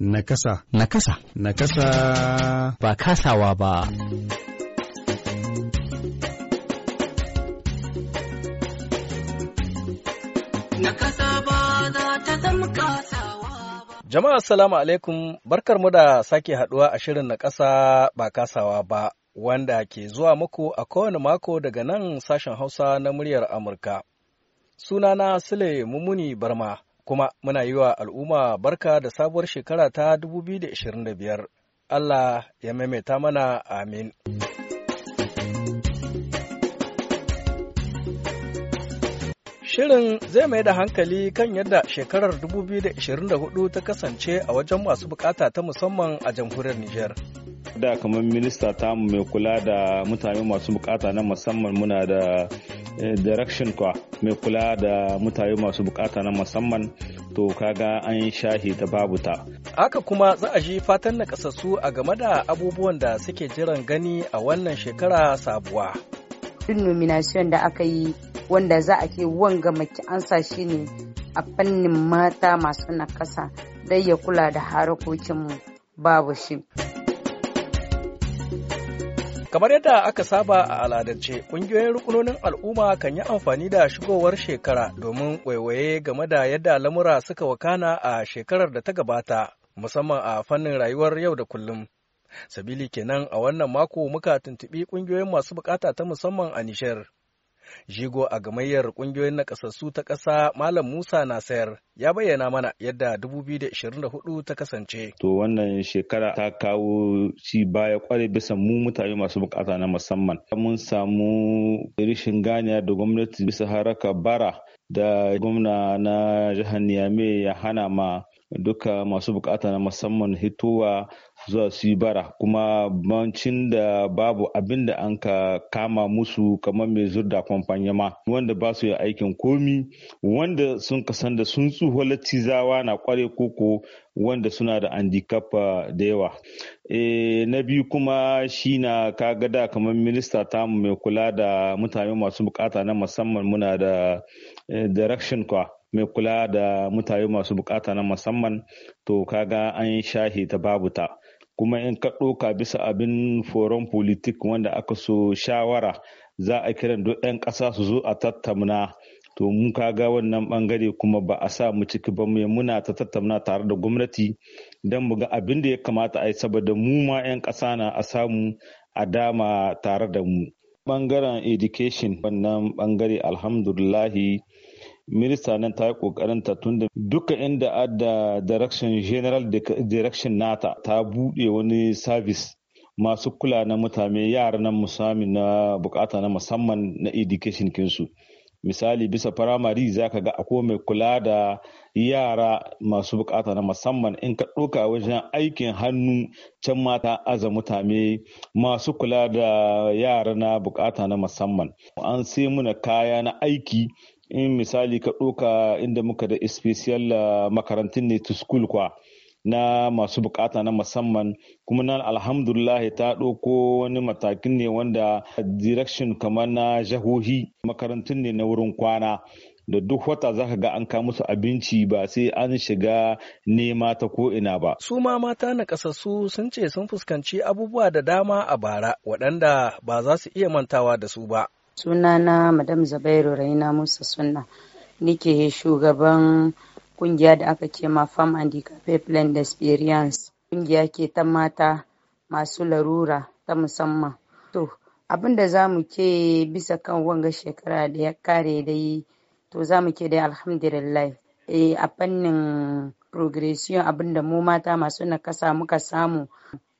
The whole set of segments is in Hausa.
Nakasa. Nakasa. Nakasa. Ba kasawa ba. Nakasa ba za ta zama kasawa ba. Jama'a salamu alaikum barkar mu da sake haduwa a shirin na ƙasa ba kasawa ba wanda ke zuwa muku a kowane mako daga nan sashen Hausa na muryar Amurka. Sunana Sule Mumuni Barma. kuma muna yi wa al'umma barka da sabuwar shekara ta 2025 Allah ya maimaita mana amin. Shirin zai mai da hankali kan yadda shekarar 2024 ta kasance a wajen masu bukata ta musamman a jamhuriyar Nijar. Da kamar minista ta mai kula da mutane masu bukata na musamman muna da Eh, direction kwa mai kula da mutane masu bukata na musamman to kaga an shahi ta babu ta haka kuma za a ji fatan na kasassu a game da abubuwan da suke jiran gani a wannan shekara sabuwa duk nomination da aka yi wanda za a ke wanga maki an shi ne a fannin mata masu nakasa don ya kula da harakokinmu babu shi. Kamar yadda aka saba a aladance, ƙungiyoyin rukunonin al'umma kan yi amfani da shigowar shekara domin waiwaye game da yadda lamura suka wakana a shekarar da ta gabata, musamman a fannin rayuwar yau da kullum. Sabili kenan a wannan mako muka tuntubi ƙungiyoyin masu bukata ta musamman a Nishar. Jigo a gamayyar ƙungiyoyin nakasassu ta ƙasa Malam Musa na sayar, ya bayyana mana yadda 2024 ta kasance. To wannan shekara ta kawo ci baya kwarai bisa mu mutane masu bukata na musamman. Mun samu rishin ganiya da gwamnati bisa haraka bara da gwamna na jihar Niamey ya hana ma duka masu bukata na musamman hitowa zuwa su yi bara kuma bancin da babu abin da an ka kama musu kamar mai zurda ma. wanda ba su yi aikin komi wanda sun kasan da sun tsuho latizawa na kware koko wanda suna da handicap uh, da yawa e, na biyu kuma shi na kaga da kamar minista tamu mai kula da mutane masu bukata na musamman muna da eh, direction kwa mai kula da mutane masu bukata na musamman to kaga an shahi ta babu ta kuma in ka ɗoka bisa abin foron politik wanda aka so shawara za a kiran duk 'yan ƙasa su zo a tattauna to mun kaga wannan bangare kuma ba a sa mu ciki ba mai muna ta tattauna tare da gwamnati don mu ga abin da ya kamata a yi saboda mu ma 'yan ƙasa na a samu a dama tare da mu bangaren education wannan bangare alhamdulillahi minista nan ta yi kokarin ta tunda duka inda adda direction general direction nata ta buɗe wani service masu kula na mutane yara na musamman na bukata na musamman na education kinsu misali bisa firamare za ka ga akwai mai kula da yara masu bukata na musamman in ka ɗauka wajen aikin hannu can mata aza mutane masu kula da yara na bukata na musamman an sai muna kaya na aiki in misali ka ɗoka inda muka da especial ah, makarantun ne to school kwa na masu bukata na musamman kuma nan alhamdulillah ta ɗauko wani matakin ne wanda direction kamar na jahohi makarantun ne na wurin kwana da duk wata za ka ga an kawo musu abinci ba sai an shiga nema ta ko'ina ba. Su ma mata na kasassu sun ce sun fuskanci abubuwa da dama a bara waɗanda ba za su iya mantawa da su ba. sunana madam zubairu raina musa suna nike shugaban kungiya da aka ce ma farm and land experience kungiya ke ta mata masu larura ta musamman to abin za mu ke bisa kan wanga shekara da ya kare dai to za mu ke dai alhamdulillah e, a fannin progression abinda mu mata masu nakasa muka samu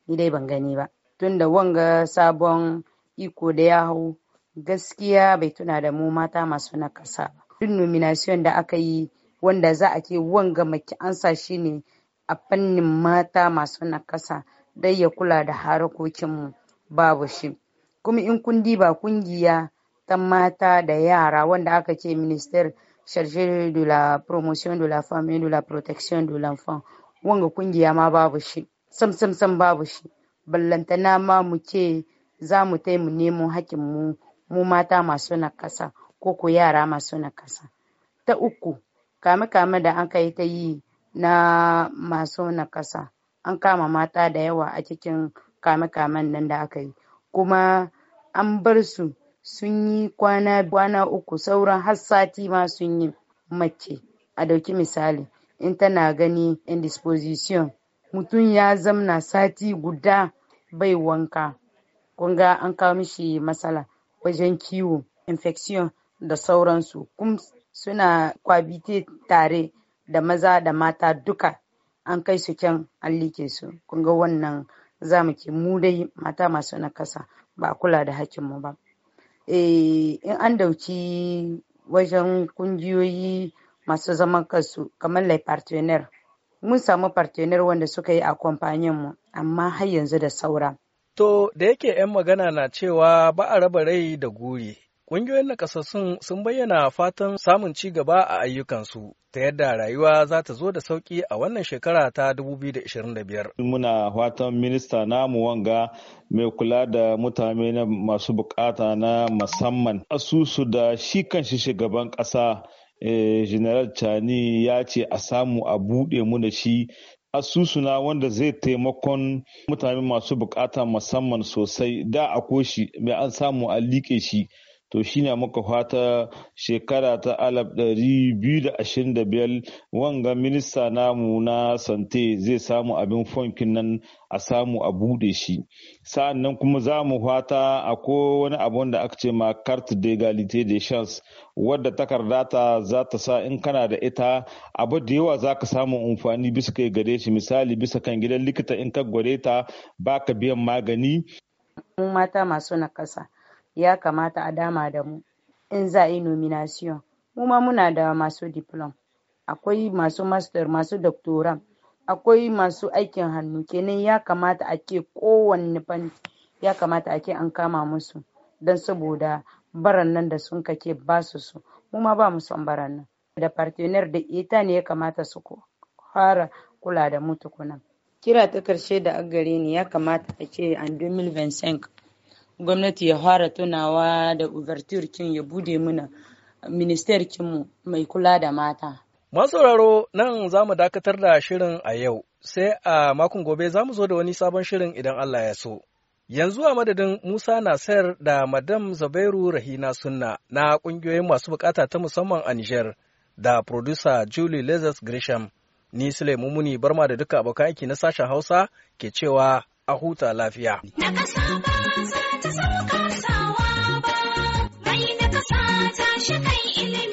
ni dai ban gani ba tunda wanga sabon iko da ya hau gaskiya bai tuna da mu mata masu nakasa duk nomination da aka yi wanda za a ke wanga maki ansa shi ne a fannin mata masu nakasa dai ya kula da harakokinmu babu shi kuma in kun diba kungiya ta mata da yara wanda aka ce minister charge de la promotion de la famille de la protection de l'enfant wanga kungiya ma babu shi sam sam sam babu shi ballantana ma mu ce za mu taimu nemo hakinmu mu mata masu nakasa ko ko yara masu nakasa. Ta uku, kame-kame da an kai ta yi na masu nakasa an kama mata da yawa a cikin kame-kamen nan da aka yi kuma an bar su sun yi kwana uku sauran har sati ma sun yi mace a dauki misali in tana gani indisposition mutum ya zamna sati guda bai wanka kunga an kawo mishi matsala wajen kiwo infection da sauransu kum suna kwabite tare da maza da mata duka an kai su kyan an like su kun ga wannan za mu ke mu dai mata masu nakasa ba a kula da mu ba eh, in an dauki wajen kungiyoyi masu zaman kansu kamar lai partenaire mun samu partenaire wanda suka yi a mu amma har yanzu da saura To da yake 'yan magana na cewa ba a raba rai da guri, ƙungiyoyin nakasassun sun bayyana fatan samun ci gaba a ayyukansu ta yadda rayuwa za ta zo da sauƙi a wannan shekara ta 2025. Muna fatan minista namu wanga mai kula da mutane na masu bukata na musamman asusu da shi kanshi shugaban ƙasa. Eh, general chani ya ce a samu a buɗe mu da shi asusuna wanda zai taimakon mutane masu bukata musamman sosai da akwai shi mai an samu a liƙe shi to shine muka fata shekara ta alaf ɗari biyu da ashirin da biyar wanga minista namu na sante zai samu abin fonkin nan a samu a bude shi sa'an nan kuma za mu fata akwai wani abu da aka ce ma carte d'égalité de chance wadda takarda ta za ta sa in kana da ita abu da yawa za ka samu amfani bisa kai gare shi misali bisa kan gidan likita in ka gware ta ba ka biyan magani mata masu nakasa ya kamata a dama da mu in za a yi nomination mu ma muna da masu diplom akwai masu master masu doktora akwai masu aikin hannu kenan ya kamata a ke kowanne fanni ya kamata a ke an kama musu don saboda baran nan da sun kake ba su su mu ma ba mu son baran nan da partner da ita ne ya kamata su fara kula da mu tukuna kira ta karshe da agare ne ya kamata a ce an 2025 gwamnati ya fara tunawa da overture kin ya bude muna minister kinmu mai kula da mata. Masauraro nan za mu dakatar da shirin a yau, sai a makon gobe za mu zo da wani sabon shirin idan Allah ya so. Yanzu a madadin Musa Nasir da Madam Zabairu Rahina Sunna na ƙungiyoyin masu bukata ta musamman a Nijar da producer Julie Lazarus Grisham, ni Sule Mumuni Barma da duka abokan aiki na sashen Hausa ke cewa a huta lafiya. Na ƙasa ba za ta sauka sawa ba, bai na ƙasa ta shi kai ile.